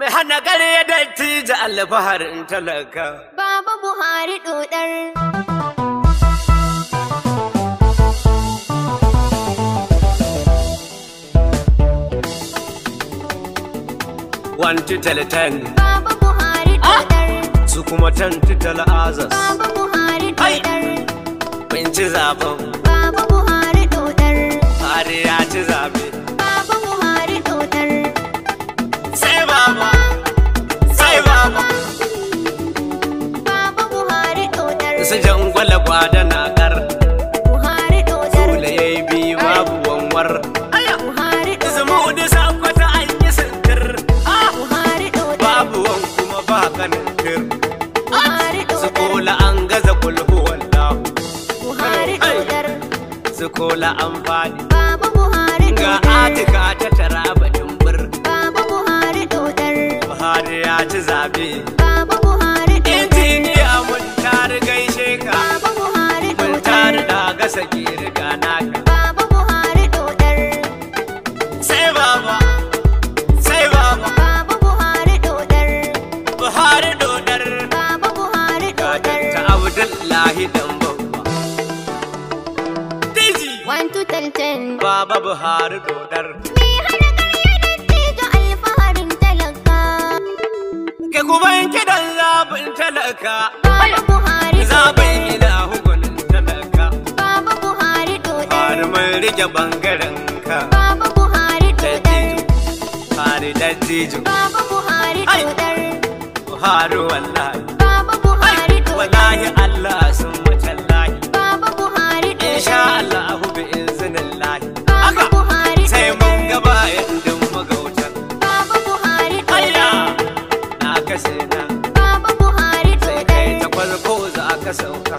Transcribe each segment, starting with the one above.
Mai hana gare ya dalti ji alfaharin talaka. Baba Buhari dodar. One it ten. Baba Buhari ah! dodar. Su kuma ten title azas. Baba Buhari dodar. Binci zaben. su jangwala gwada na kar buhari dodar sule babu wanwar aya buhari zama wani an ah, babu wan ba kan kir buhari dodar su kola an gaza kulhu buhari su kola an fadi ta tara badin bir Babu buhari buhari ya ci zabe gaishe ka Baba Buhari gasa ke riga na Baba Buhari Sai baba baba Buhari dodar. Buhari dotar Baba Buhari dotar Ta Abdullahi Ke kuma kiɗan zabin talaka. Baba Buhari. tabbatar mun rike bangarenka. ka baba buhari tudar buhari dattijo baba buhari tudar buhari wallahi baba buhari tudar wallahi allah sun mutallahi baba buhari tudar insha allah bi iznillahi haka buhari sai mun gaba yadda magautar baba buhari tudar na kashe na baba buhari tudar sai kai ta kwalko za ka sauka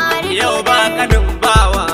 yau ba kanin bawa